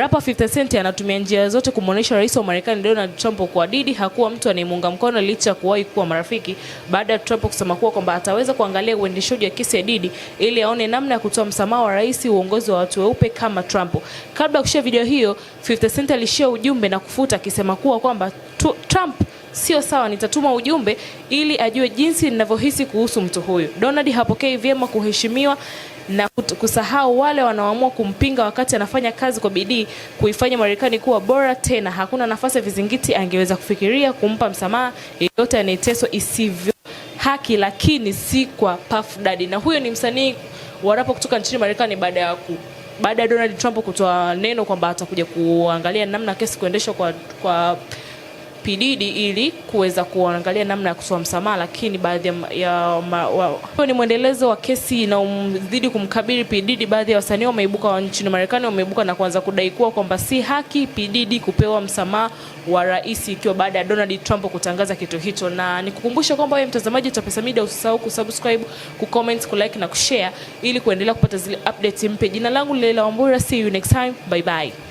Rapa 50 Cent anatumia njia zote kumwonyesha rais wa Marekani Donald Trump kuwa Diddy hakuwa mtu anayemuunga mkono licha ya kuwahi kuwa marafiki, baada ya Trump kusema kuwa kwamba ataweza kuangalia uendeshaji wa kesi ya Diddy ili aone namna ya kutoa msamaha wa rais, uongozi wa watu weupe kama Trump. Kabla ya kushia video hiyo, 50 Cent alishia ujumbe na kufuta akisema kuwa kwamba Trump sio sawa, nitatuma ujumbe ili ajue jinsi ninavyohisi kuhusu mtu huyu. Donald hapokei vyema kuheshimiwa na kusahau wale wanaoamua kumpinga wakati anafanya kazi kwa bidii kuifanya Marekani kuwa bora tena. Hakuna nafasi ya vizingiti angeweza kufikiria kumpa msamaha yeyote anayeteswa isivyo haki, lakini si kwa Puff Daddy. Na huyo ni msanii warapo kutoka nchini Marekani baada ya ku baada ya Donald Trump kutoa neno kwamba atakuja kuangalia namna kesi kuendeshwa kwa, kwa P ili kuweza kuangalia namna ya kutoa msamaha, lakini baadhi ya ni mwendelezo wa kesi inayomzidi kumkabili pdd Baadhi ya wasanii wameibuka wa nchini Marekani wameibuka na kuanza kudai kuwa kwamba si haki pdd kupewa msamaha wa rais, ikiwa baada ya Donald Trump kutangaza kitu hicho. Na nikukumbusha kwamba wewe mtazamaji Pesa Media usisahau kusubscribe, kucomment, kulike na kushare ili kuendelea kupata zile updates mpya. Jina langu Leila Wambura, see you next time, bye bye.